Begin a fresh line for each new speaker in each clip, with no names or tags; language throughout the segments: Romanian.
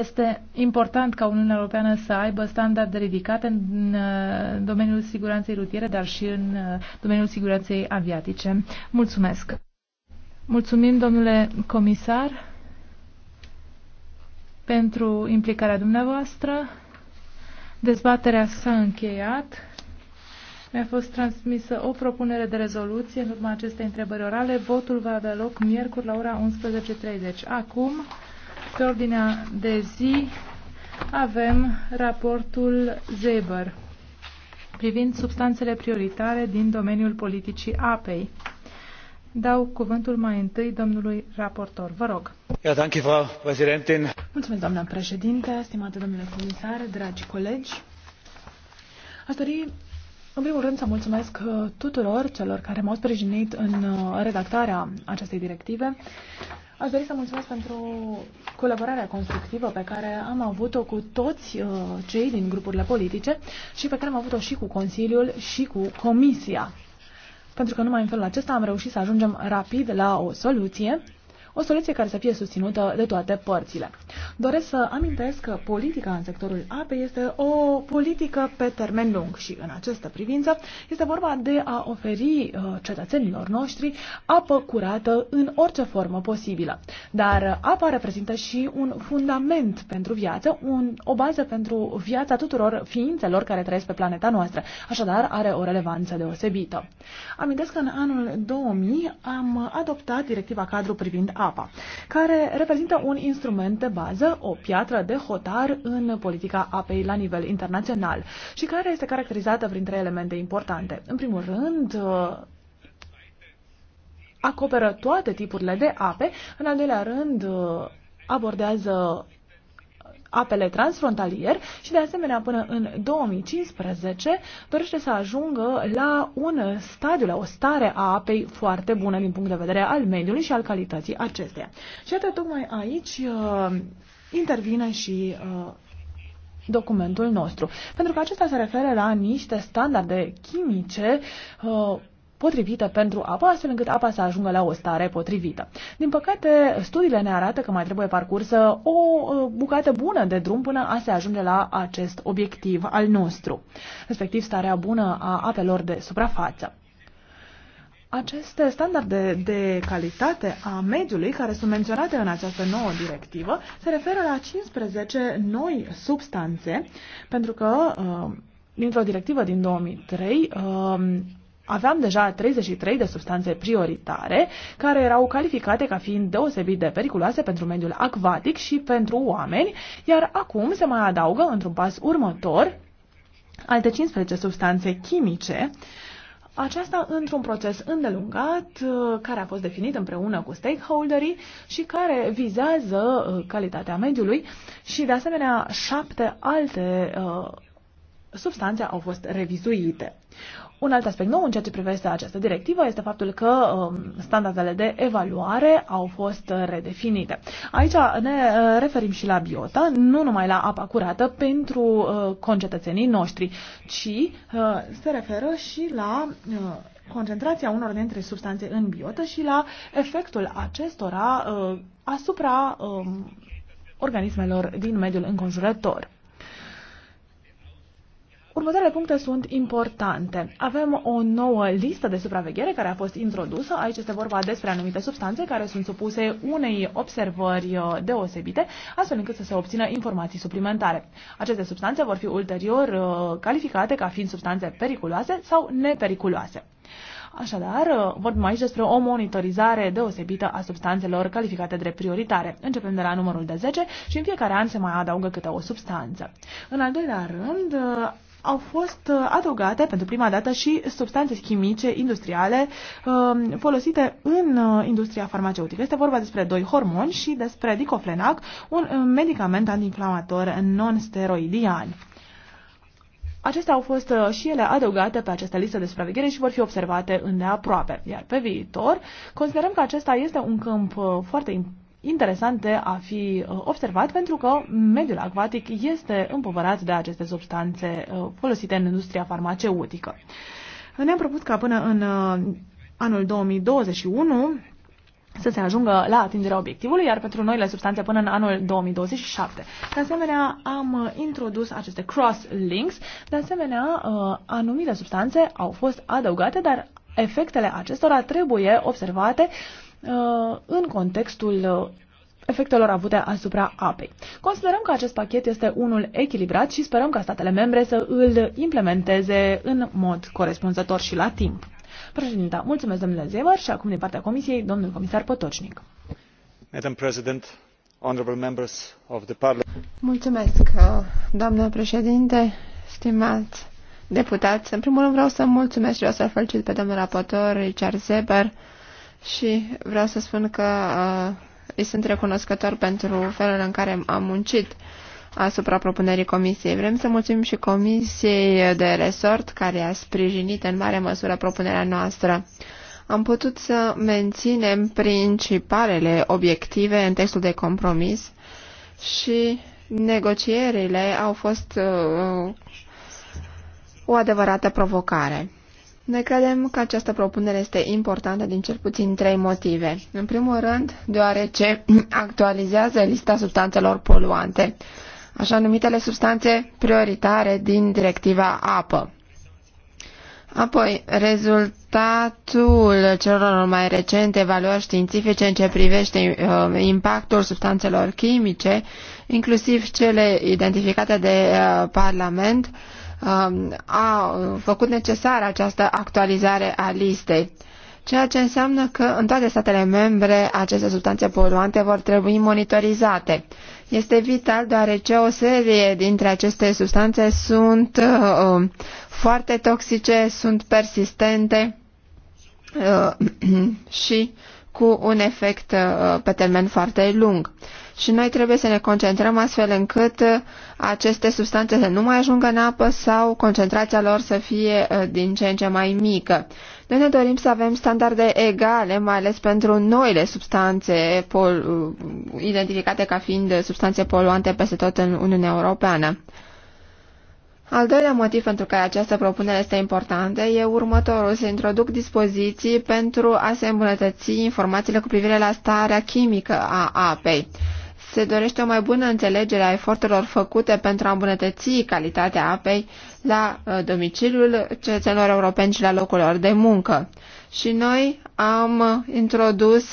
Este important ca Uniunea Europeană să aibă standarde ridicate în domeniul siguranței rutiere, dar și în domeniul siguranței aviatice. Mulțumesc! Mulțumim, domnule comisar, pentru implicarea dumneavoastră. Dezbaterea s-a încheiat. Mi-a fost transmisă o propunere de rezoluție în urma acestei întrebări orale. Votul va avea loc miercuri la ora 11.30. Acum... Pe ordinea de zi avem raportul Zeber privind substanțele prioritare din domeniul politicii apei. Dau cuvântul mai întâi domnului raportor. Vă rog.
Ja, danke, Frau Präsidentin. Mulțumesc, doamna președinte, stimate domnule comisar, dragi colegi. Aș dori, în primul rând, să mulțumesc uh, tuturor celor care m-au sprijinit în uh, redactarea acestei directive Aș dori să mulțumesc pentru colaborarea constructivă pe care am avut-o cu toți uh, cei din grupurile politice și pe care am avut-o și cu Consiliul și cu Comisia. Pentru că numai în felul acesta am reușit să ajungem rapid la o soluție o soluție care să fie susținută de toate părțile. Doresc să amintesc că politica în sectorul apei este o politică pe termen lung și în această privință este vorba de a oferi uh, cetățenilor noștri apă curată în orice formă posibilă. Dar apa reprezintă și un fundament pentru viață, un, o bază pentru viața tuturor ființelor care trăiesc pe planeta noastră. Așadar, are o relevanță deosebită. Amintesc că în anul 2000 am adoptat directiva cadru privind APA, care reprezintă un instrument de bază, o piatră de hotar în politica apei la nivel internațional și care este caracterizată prin trei elemente importante. În primul rând, uh, acoperă toate tipurile de ape, în al doilea rând, uh, abordează apele transfrontalier și de asemenea până în 2015 dorește să ajungă la un stadiu, la o stare a apei foarte bună din punct de vedere al mediului și al calității acesteia. Și iată tocmai aici uh, intervine și uh, documentul nostru. Pentru că acesta se referă la niște standarde chimice uh, potrivită pentru apă, astfel încât apa să ajungă la o stare potrivită. Din păcate, studiile ne arată că mai trebuie parcursă o uh, bucată bună de drum până a se ajunge la acest obiectiv al nostru, respectiv starea bună a apelor de suprafață aceste standarde de calitate a mediului care sunt menționate în această nouă directivă se referă la 15 noi substanțe, pentru că uh, dintr-o directivă din 2003 aveam deja 33 de substanțe prioritare care erau calificate ca fiind deosebit de periculoase pentru mediul acvatic și pentru oameni, iar acum se mai adaugă într-un pas următor alte 15 substanțe chimice, aceasta într-un proces îndelungat uh, care a fost definit împreună cu stakeholderii și care vizează uh, calitatea mediului și de asemenea șapte alte uh, substanțe au fost revizuite. Un alt aspect nou în ceea ce privește această directivă este faptul că um, standardele de evaluare au fost redefinite. Aici ne uh, referim și la biota, nu numai la apa curată pentru uh, concetățenii noștri, ci uh, se referă și la uh, concentrația unor dintre substanțe în biotă și la efectul acestora uh, asupra um, organismelor din mediul înconjurător. Următoarele puncte sunt importante. Avem o nouă listă de supraveghere care a fost introdusă. Aici este vorba despre anumite substanțe care sunt supuse unei observări uh, deosebite, astfel încât să se obțină informații suplimentare. Aceste substanțe vor fi ulterior uh, calificate ca fiind substanțe periculoase sau nepericuloase. Așadar, uh, vorbim aici despre o monitorizare deosebită a substanțelor calificate drept prioritare. Începem de la numărul de 10 și în fiecare an se mai adaugă câte o substanță. În al doilea rând, au fost uh, adăugate pentru prima dată și substanțe chimice industriale um, folosite în uh, industria farmaceutică. Este vorba despre doi hormoni și despre dicoflenac, un uh, medicament antiinflamator non-steroidian. Acestea au fost și ele adăugate pe această listă de supraveghere și vor fi observate îndeaproape. Iar pe viitor, considerăm că acesta este un câmp foarte important interesant de a fi uh, observat pentru că mediul acvatic este împovărat de aceste substanțe uh, folosite în industria farmaceutică. Ne-am propus ca până în uh, anul 2021 să se ajungă la atingerea obiectivului, iar pentru noile substanțe până în anul 2027. De asemenea, am introdus aceste cross-links, de asemenea, anumite substanțe au fost adăugate, dar efectele acestora trebuie observate Uh, în contextul uh, efectelor avute asupra apei. Considerăm că acest pachet este unul echilibrat și sperăm ca statele membre să îl implementeze în mod corespunzător și la timp. Președinta, mulțumesc domnule Zemăr și acum din partea Comisiei, domnul
comisar Potocnic.
Madam President, honorable members of the Parliament.
Mulțumesc, uh, doamnă președinte, stimați deputați. În primul rând vreau să mulțumesc și vreau să-l felicit pe domnul raportor Richard Zeber și vreau să spun că uh, îi sunt recunoscător pentru felul în care am muncit asupra propunerii comisiei. Vrem să mulțumim și comisiei de resort care a sprijinit în mare măsură propunerea noastră. Am putut să menținem principalele obiective în textul de compromis și negocierile au fost uh, o adevărată provocare. Ne credem că această propunere este importantă din cel puțin trei motive. În primul rând, deoarece actualizează lista substanțelor poluante, așa numitele substanțe prioritare din directiva apă. Apoi, rezultatul celor mai recente evaluări științifice în ce privește uh, impactul substanțelor chimice, inclusiv cele identificate de uh, Parlament, uh, Um, a făcut necesară această actualizare a listei, ceea ce înseamnă că în toate statele membre aceste substanțe poluante vor trebui monitorizate. Este vital deoarece o serie dintre aceste substanțe sunt uh, foarte toxice, sunt persistente uh, și cu un efect uh, pe termen foarte lung. Și noi trebuie să ne concentrăm astfel încât uh, aceste substanțe să nu mai ajungă în apă sau concentrația lor să fie uh, din ce în ce mai mică. Noi ne dorim să avem standarde egale, mai ales pentru noile substanțe identificate ca fiind substanțe poluante peste tot în Uniunea Europeană. Al doilea motiv pentru care această propunere este importantă e următorul. Se introduc dispoziții pentru a se îmbunătăți informațiile cu privire la starea chimică a apei. Se dorește o mai bună înțelegere a eforturilor făcute pentru a îmbunătăți calitatea apei la uh, domiciliul cetățenilor europeni și la locurilor de muncă. Și noi am introdus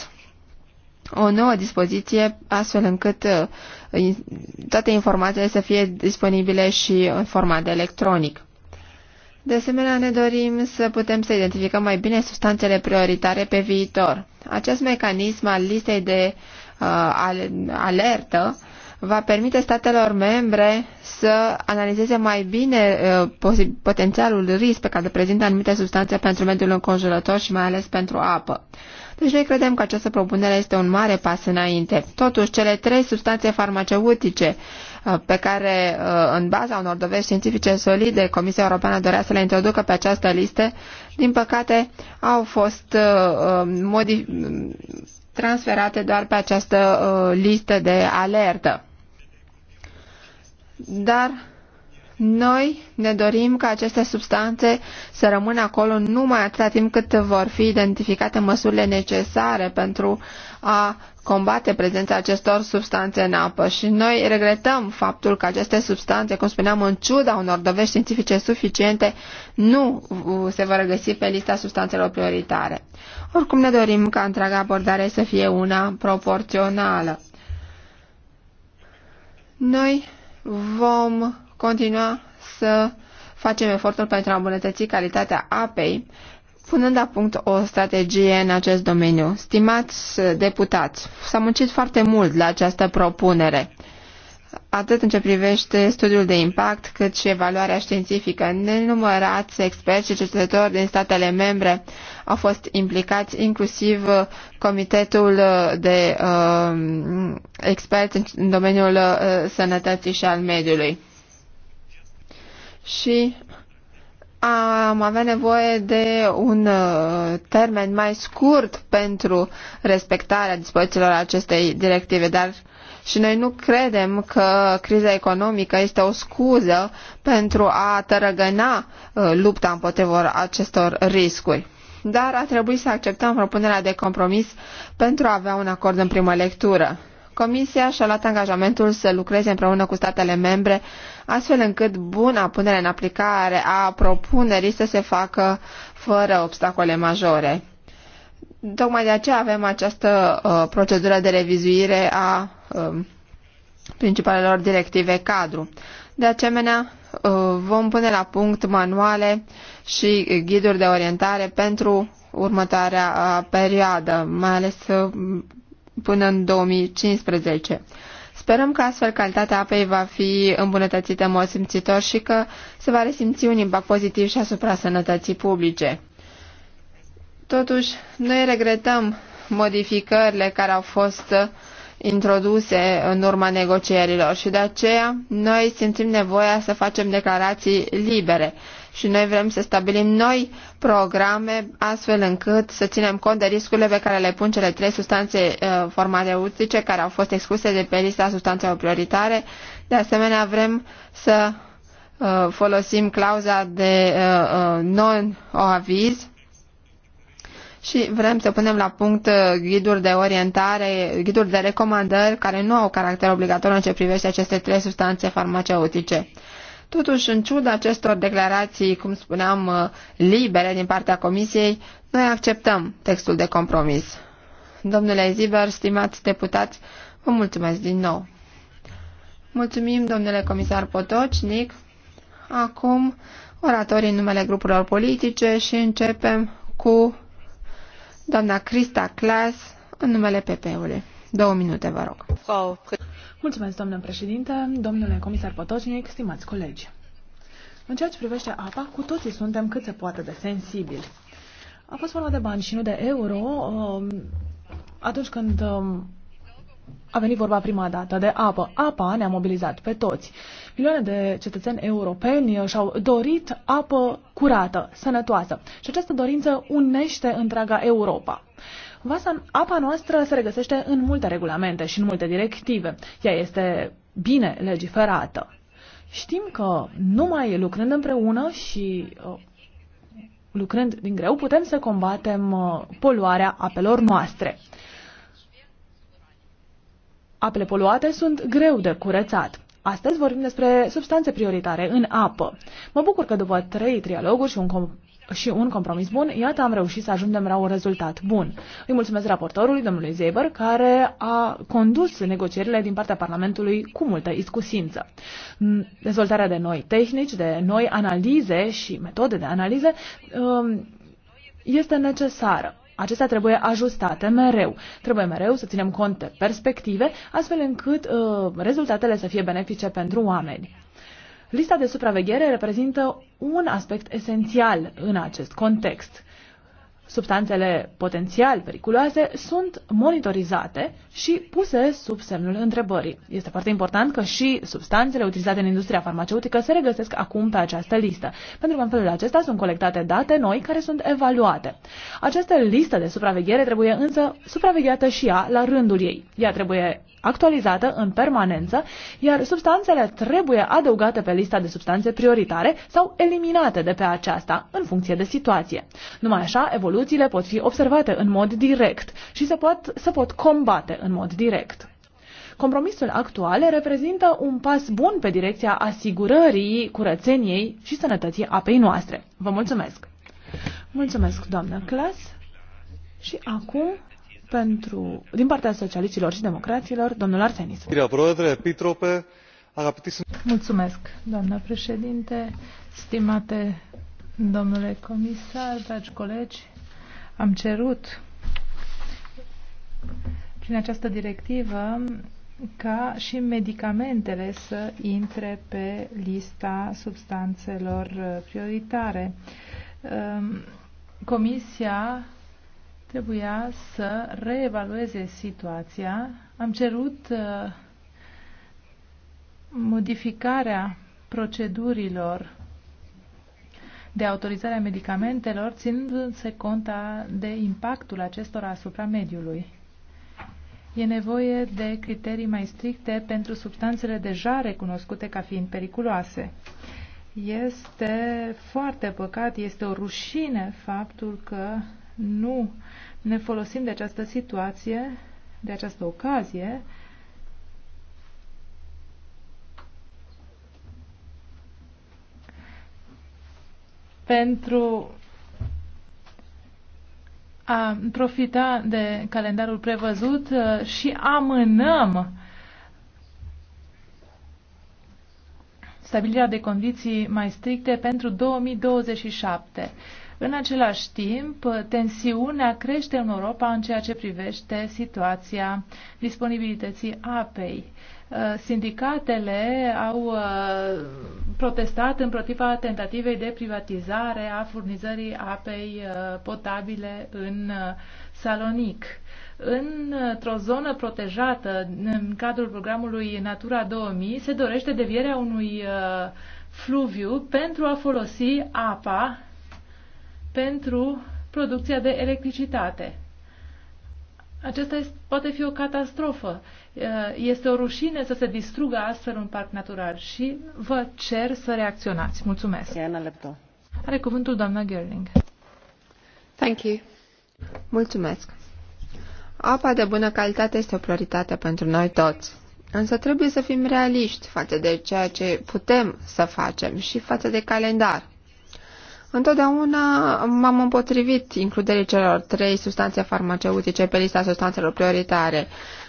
o nouă dispoziție astfel încât uh, toate informațiile să fie disponibile și în format electronic. De asemenea, ne dorim să putem să identificăm mai bine substanțele prioritare pe viitor. Acest mecanism al listei de uh, alertă va permite statelor membre să analizeze mai bine uh, potențialul risc pe care prezintă anumite substanțe pentru mediul înconjurător și mai ales pentru apă. Deci noi credem că această propunere este un mare pas înainte. Totuși, cele trei substanțe farmaceutice uh, pe care, uh, în baza unor dovezi științifice solide, Comisia Europeană dorea să le introducă pe această listă, din păcate, au fost uh, transferate doar pe această listă de alertă. Dar noi ne dorim ca aceste substanțe să rămână acolo numai atâta timp cât vor fi identificate măsurile necesare pentru a combate prezența acestor substanțe în apă și noi regretăm faptul că aceste substanțe, cum spuneam, în ciuda unor dovești științifice suficiente, nu uh, se vor găsi pe lista substanțelor prioritare. Oricum ne dorim ca întreaga abordare să fie una proporțională. Noi vom continua să facem efortul pentru a îmbunătăți calitatea apei, punând la punct o strategie în acest domeniu. Stimați deputați, s-a muncit foarte mult la această propunere, atât în ce privește studiul de impact, cât și evaluarea științifică. Nenumărați experți și cercetători din statele membre au fost implicați, inclusiv Comitetul de uh, Experți în domeniul uh, sănătății și al mediului și am avea nevoie de un uh, termen mai scurt pentru respectarea dispozițiilor acestei directive, dar și noi nu credem că criza economică este o scuză pentru a tărăgăna uh, lupta împotriva acestor riscuri. Dar a trebuit să acceptăm propunerea de compromis pentru a avea un acord în primă lectură. Comisia și-a luat angajamentul să lucreze împreună cu statele membre astfel încât buna punere în aplicare a propunerii să se facă fără obstacole majore. Tocmai de aceea avem această uh, procedură de revizuire a uh, principalelor directive cadru. De asemenea, uh, vom pune la punct manuale și ghiduri de orientare pentru următoarea uh, perioadă, mai ales uh, până în 2015. Sperăm că astfel calitatea apei va fi îmbunătățită în mod simțitor și că se va resimți un impact pozitiv și asupra sănătății publice. Totuși, noi regretăm modificările care au fost uh, introduse în urma negocierilor și de aceea noi simțim nevoia să facem declarații libere și noi vrem să stabilim noi programe astfel încât să ținem cont de riscurile pe care le pun cele trei substanțe uh, farmaceutice care au fost excluse de pe lista substanțelor prioritare. De asemenea, vrem să uh, folosim clauza de uh, non-aviz și vrem să punem la punct ghiduri de orientare, ghiduri de recomandări care nu au caracter obligatoriu în ce privește aceste trei substanțe farmaceutice. Totuși, în ciuda acestor declarații, cum spuneam, uh, libere din partea Comisiei, noi acceptăm textul de compromis. Domnule Ziber, stimați deputați, vă mulțumesc din nou. Mulțumim, domnule comisar Potocnic. Acum, oratorii în numele grupurilor politice și începem cu doamna Crista Clas în numele PP-ului. Două minute, vă rog.
Mulțumesc, domnule președinte, domnule comisar Potocnic, stimați colegi. În ceea ce privește apa, cu toții suntem cât se poate de sensibili. A fost vorba de bani și nu de euro um, atunci când um, a venit vorba prima dată de apă. Apa ne-a mobilizat pe toți. Milioane de cetățeni europeni și-au dorit apă curată, sănătoasă. Și această dorință unește întreaga Europa. Vasa, apa noastră se regăsește în multe regulamente și în multe directive. Ea este bine legiferată. Știm că numai lucrând împreună și uh, lucrând din greu putem să combatem uh, poluarea apelor noastre. Apele poluate sunt greu de curățat. Astăzi vorbim despre substanțe prioritare în apă. Mă bucur că după trei trialoguri și un și un compromis bun, iată am reușit să ajungem la un rezultat bun. Îi mulțumesc raportorului, domnului Zeber, care a condus negocierile din partea Parlamentului cu multă iscusință. Dezvoltarea de noi tehnici, de noi analize și metode de analize um, este necesară. Acestea trebuie ajustate mereu. Trebuie mereu să ținem cont de perspective, astfel încât uh, rezultatele să fie benefice pentru oameni. Lista de supraveghere reprezintă un aspect esențial în acest context. Substanțele potențial periculoase sunt monitorizate și puse sub semnul întrebării. Este foarte important că și substanțele utilizate în industria farmaceutică se regăsesc acum pe această listă, pentru că în felul acesta sunt colectate date noi care sunt evaluate. Această listă de supraveghere trebuie însă supravegheată și ea la rândul ei. Ea trebuie actualizată în permanență, iar substanțele trebuie adăugate pe lista de substanțe prioritare sau eliminate de pe aceasta în funcție de situație. Numai așa, evoluțiile pot fi observate în mod direct și se pot, se pot combate în mod direct. Compromisul actual reprezintă un pas bun pe direcția asigurării curățeniei și sănătății apei noastre. Vă mulțumesc! Mulțumesc, doamnă Clas! Și acum pentru, din partea socialiștilor și democraților, domnul Arsenis.
Mulțumesc, doamna președinte, stimate domnule comisar, dragi colegi, am cerut prin această directivă ca și medicamentele să intre pe lista substanțelor prioritare. Ehm, Comisia trebuia să reevalueze situația. Am cerut uh, modificarea procedurilor de autorizare a medicamentelor, ținându-se conta de impactul acestora asupra mediului. E nevoie de criterii mai stricte pentru substanțele deja recunoscute ca fiind periculoase. Este foarte păcat, este o rușine faptul că nu ne folosim de această situație, de această ocazie, pentru a profita de calendarul prevăzut uh, și amânăm stabilirea de condiții mai stricte pentru 2027. În același timp, tensiunea crește în Europa în ceea ce privește situația disponibilității apei. Uh, sindicatele au uh, protestat împotriva tentativei de privatizare a furnizării apei uh, potabile în Salonic. Într-o zonă protejată, în cadrul programului Natura 2000, se dorește devierea unui fluviu pentru a folosi apa pentru producția de electricitate. Acesta este, poate fi o catastrofă. Uh, este o rușine să se distrugă astfel un parc natural și vă cer să reacționați. Mulțumesc.
Are cuvântul doamna Gerling. Thank you. Mulțumesc. Apa de bună calitate este o prioritate pentru noi toți. Însă trebuie să fim realiști față de ceea ce putem să facem și față de calendar. Întotdeauna m-am împotrivit includerii celor trei substanțe farmaceutice pe lista substanțelor prioritare,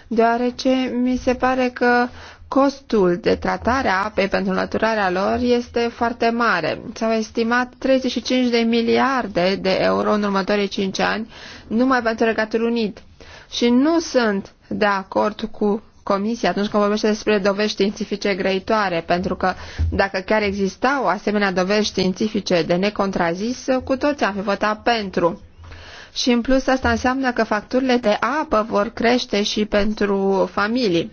deoarece mi se pare că costul de tratare a apei pentru înlăturarea lor este foarte mare. S-au estimat 35 de miliarde de euro în următorii 5 ani numai pentru Regatul Unit și nu sunt de acord cu Comisie, atunci când vorbește despre dovești științifice greitoare, pentru că dacă chiar existau asemenea dovești științifice de necontrazis, cu toți am fi votat pentru. Și în plus asta înseamnă că facturile de apă vor crește și pentru familii.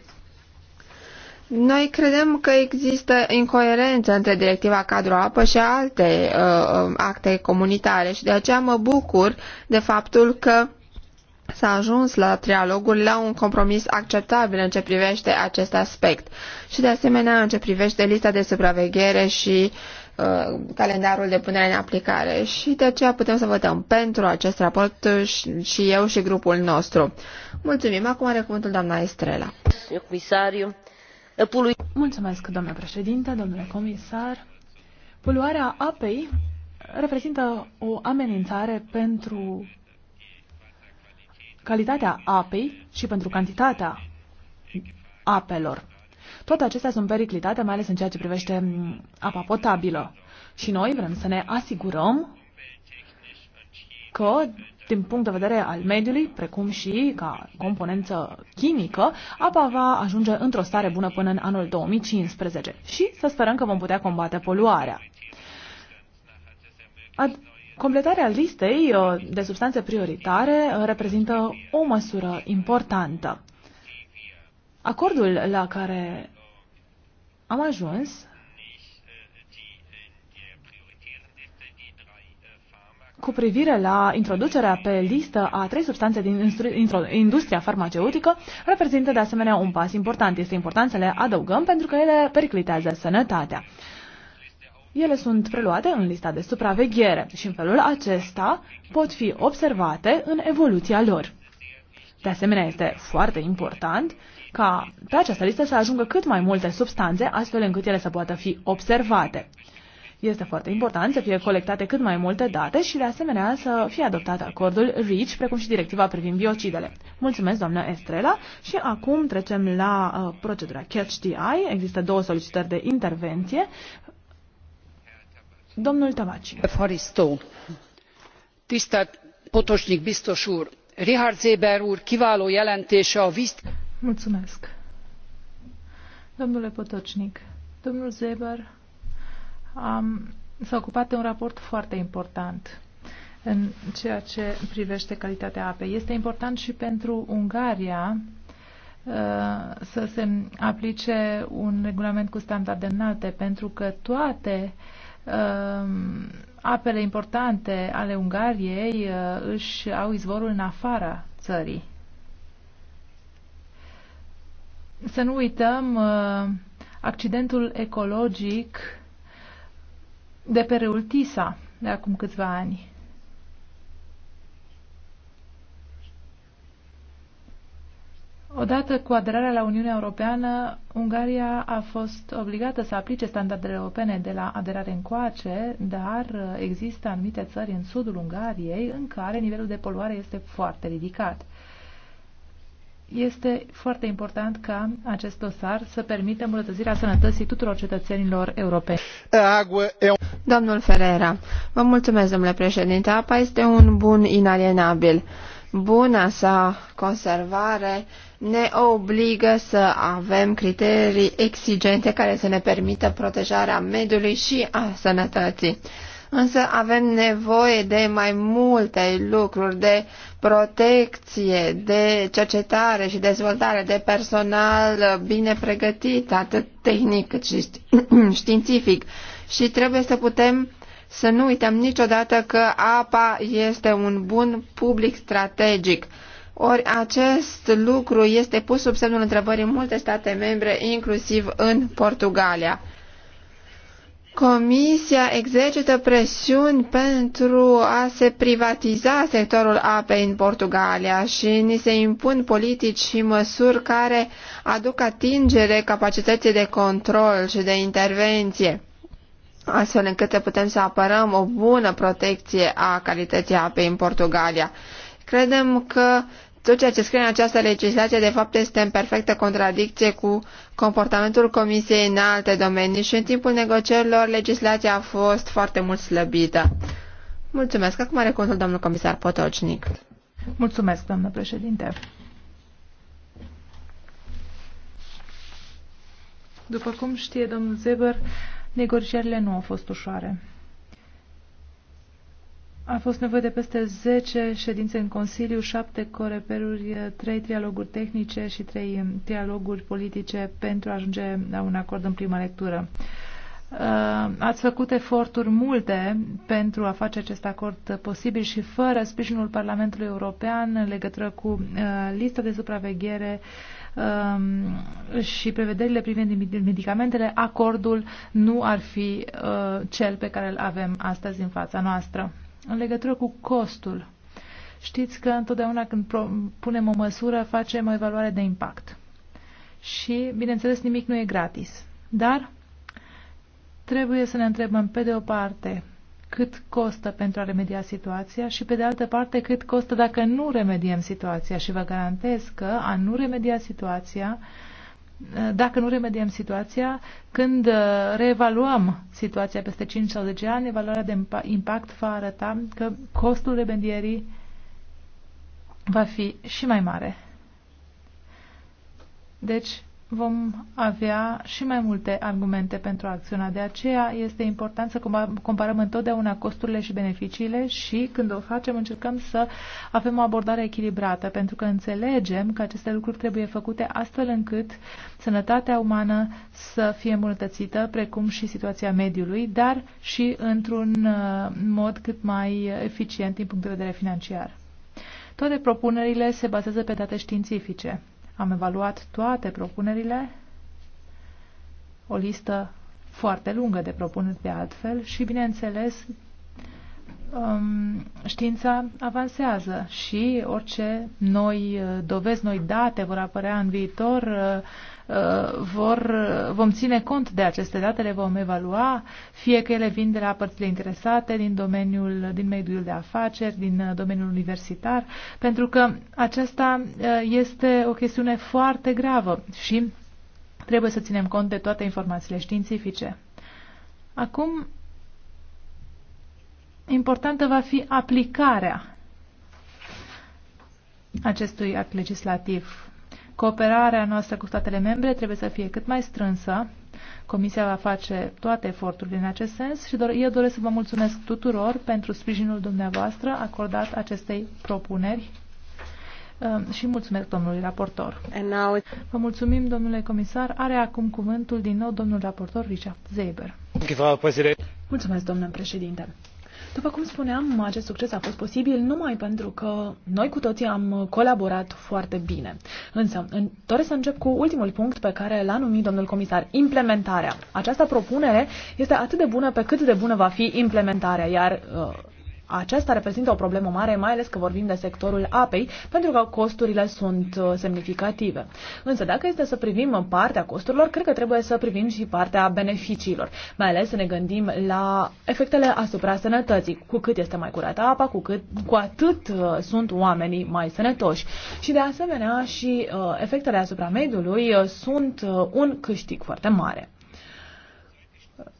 Noi credem că există incoerență între directiva cadru apă și alte uh, acte comunitare și de aceea mă bucur de faptul că s-a ajuns la trialoguri la un compromis acceptabil în ce privește acest aspect și de asemenea în ce privește lista de supraveghere și uh, calendarul de punere în aplicare și de aceea putem să votăm pentru acest raport și, și eu și grupul nostru. Mulțumim. Acum are cuvântul doamna Estrela.
Mulțumesc, domnule președinte, domnule comisar. Poluarea apei reprezintă o amenințare pentru calitatea apei și pentru cantitatea apelor. Toate acestea sunt periclitate, mai ales în ceea ce privește apa potabilă. Și noi vrem să ne asigurăm că, din punct de vedere al mediului, precum și ca componență chimică, apa va ajunge într-o stare bună până în anul 2015 și să sperăm că vom putea combate poluarea. Completarea listei uh, de substanțe prioritare uh, reprezintă o măsură importantă. Acordul la care am ajuns cu privire la introducerea pe listă a trei substanțe din industria farmaceutică reprezintă de asemenea un pas important. Este important să le adăugăm pentru că ele periclitează sănătatea ele sunt preluate în lista de supraveghere și în felul acesta pot fi observate în evoluția lor. De asemenea, este foarte important ca pe această listă să ajungă cât mai multe substanțe, astfel încât ele să poată fi observate. Este foarte important să fie colectate cât mai multe date și, de asemenea, să fie adoptat acordul REACH, precum și directiva privind biocidele. Mulțumesc, doamnă Estrela, și acum trecem la uh, procedura Catch di Există două solicitări de
intervenție tisztelt potonik biztos úr! richard seeber úr kiváló jelentése a vz. domnule potonik domnul seeber um, s a ocupat de un raport foarte important în ceea ce privește calitatea apei. Este important și pentru Ungaria uh, să se aplice un regulament cu standarde înalte, pentru că toate uh, Um, apele importante ale Ungariei uh, își au izvorul în afara țării. Să nu uităm uh, accidentul ecologic de pe râul Tisa de acum câțiva ani. Odată cu aderarea la Uniunea Europeană, Ungaria a fost obligată să aplice standardele europene de la aderare încoace, dar există anumite țări în sudul Ungariei în care nivelul de poluare este foarte ridicat. Este foarte important ca acest dosar să permită îmbunătățirea sănătății tuturor
cetățenilor europeni. Domnul Ferreira, vă mulțumesc, domnule președinte. Apa este un bun inalienabil buna sa conservare ne obligă să avem criterii exigente care să ne permită protejarea mediului și a sănătății. Însă avem nevoie de mai multe lucruri, de protecție, de cercetare și dezvoltare, de personal bine pregătit, atât tehnic cât și științific. Și trebuie să putem să nu uităm niciodată că apa este un bun public strategic. Ori acest lucru este pus sub semnul întrebării în multe state membre, inclusiv în Portugalia. Comisia exercită presiuni pentru a se privatiza sectorul apei în Portugalia și ni se impun politici și măsuri care aduc atingere capacității de control și de intervenție astfel încât să putem să apărăm o bună protecție a calității apei în Portugalia. Credem că tot ceea ce scrie în această legislație, de fapt, este în perfectă contradicție cu comportamentul Comisiei în alte domenii și în timpul negocierilor legislația a fost foarte mult slăbită. Mulțumesc. Acum are contul domnul comisar Potocnic. Mulțumesc, doamnă președinte.
După cum știe domnul Zeber, Negocierile nu au fost ușoare. A fost nevoie de peste 10 ședințe în Consiliu, 7 coreperuri, 3 trialoguri tehnice și 3 trialoguri politice pentru a ajunge la un acord în prima lectură. Uh, ați făcut eforturi multe pentru a face acest acord posibil și fără sprijinul Parlamentului European în legătură cu uh, lista de supraveghere um, și prevederile privind medicamentele, acordul nu ar fi uh, cel pe care îl avem astăzi în fața noastră. În legătură cu costul, știți că întotdeauna când punem o măsură facem o evaluare de impact. Și, bineînțeles, nimic nu e gratis. Dar Trebuie să ne întrebăm, pe de o parte, cât costă pentru a remedia situația și, pe de altă parte, cât costă dacă nu remediem situația. Și vă garantez că a nu remedia situația, dacă nu remediem situația, când uh, reevaluăm situația peste 5 sau 10 ani, evaluarea de impact va arăta că costul remedierii va fi și mai mare. Deci, vom avea și mai multe argumente pentru acțiunea De aceea este important să comparăm întotdeauna costurile și beneficiile și când o facem încercăm să avem o abordare echilibrată, pentru că înțelegem că aceste lucruri trebuie făcute astfel încât sănătatea umană să fie îmbunătățită, precum și situația mediului, dar și într-un uh, mod cât mai eficient din punct de vedere financiar. Toate propunerile se bazează pe date științifice am evaluat toate propunerile, o listă foarte lungă de propuneri de altfel și, bineînțeles, um, știința avansează și orice noi uh, dovezi, noi date vor apărea în viitor uh, Uh, vor, uh, vom ține cont de aceste date, le vom evalua, fie că ele vin de la părțile interesate, din domeniul, din mediul de afaceri, din uh, domeniul universitar, pentru că aceasta este o chestiune foarte gravă și trebuie să ținem cont de toate informațiile științifice. Acum, importantă va fi aplicarea acestui act legislativ Cooperarea noastră cu statele membre trebuie să fie cât mai strânsă. Comisia va face toate eforturile în acest sens și do- eu doresc să vă mulțumesc tuturor pentru sprijinul dumneavoastră acordat acestei propuneri ehm, și mulțumesc domnului raportor. Vă mulțumim, domnule comisar. Are acum cuvântul din nou domnul raportor Richard Zeber. Mulțumesc, domnule președinte. După cum spuneam, acest
succes a fost posibil numai pentru că noi cu toții am colaborat foarte bine. Însă, în, doresc să încep cu ultimul punct pe care l-a numit domnul comisar, implementarea. Această propunere este atât de bună pe cât de bună va fi implementarea, iar uh, aceasta reprezintă o problemă mare, mai ales că vorbim de sectorul apei, pentru că costurile sunt uh, semnificative. Însă dacă este să privim partea costurilor, cred că trebuie să privim și partea beneficiilor, mai ales să ne gândim la efectele asupra sănătății. Cu cât este mai curată apa, cu, cât, cu atât uh, sunt oamenii mai sănătoși. Și de asemenea și uh, efectele asupra mediului sunt un câștig foarte mare.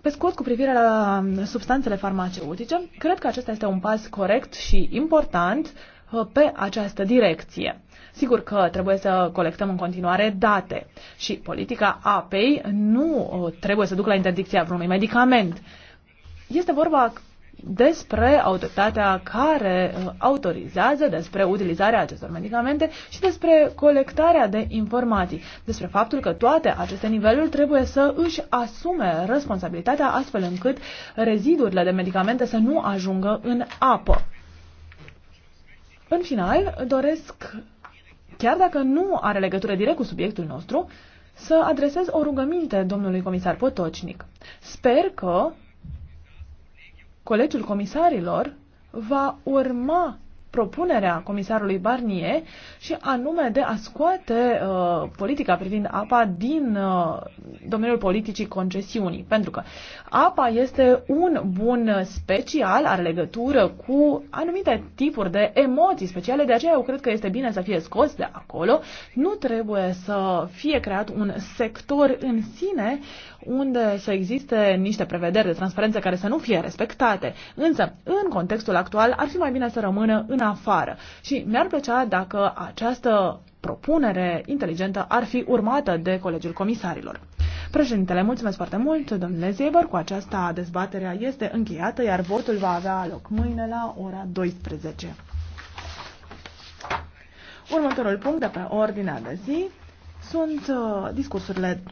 Pe scurt, cu privire la substanțele farmaceutice, cred că acesta este un pas corect și important uh, pe această direcție. Sigur că trebuie să colectăm în continuare date și politica apei nu uh, trebuie să ducă la interdicția vreunui medicament. Este vorba despre autoritatea care uh, autorizează, despre utilizarea acestor medicamente și despre colectarea de informații, despre faptul că toate aceste niveluri trebuie să își asume responsabilitatea astfel încât rezidurile de medicamente să nu ajungă în apă. În final, doresc, chiar dacă nu are legătură direct cu subiectul nostru, să adresez o rugăminte domnului comisar Potocnic. Sper că Colegiul comisarilor va urma propunerea comisarului Barnier și anume de a scoate uh, politica privind apa din uh, domeniul politicii concesiunii. Pentru că apa este un bun special, are legătură cu anumite tipuri de emoții speciale, de aceea eu cred că este bine să fie scos de acolo. Nu trebuie să fie creat un sector în sine unde să existe niște prevederi de transparență care să nu fie respectate. Însă, în contextul actual, ar fi mai bine să rămână în în afară. Și mi-ar plăcea dacă această propunere inteligentă ar fi urmată de Colegiul Comisarilor. Președintele, mulțumesc foarte mult, domnule Zeber. Cu aceasta dezbaterea este încheiată, iar votul va avea loc mâine la ora 12. Următorul punct de pe ordinea de zi sunt uh, discursurile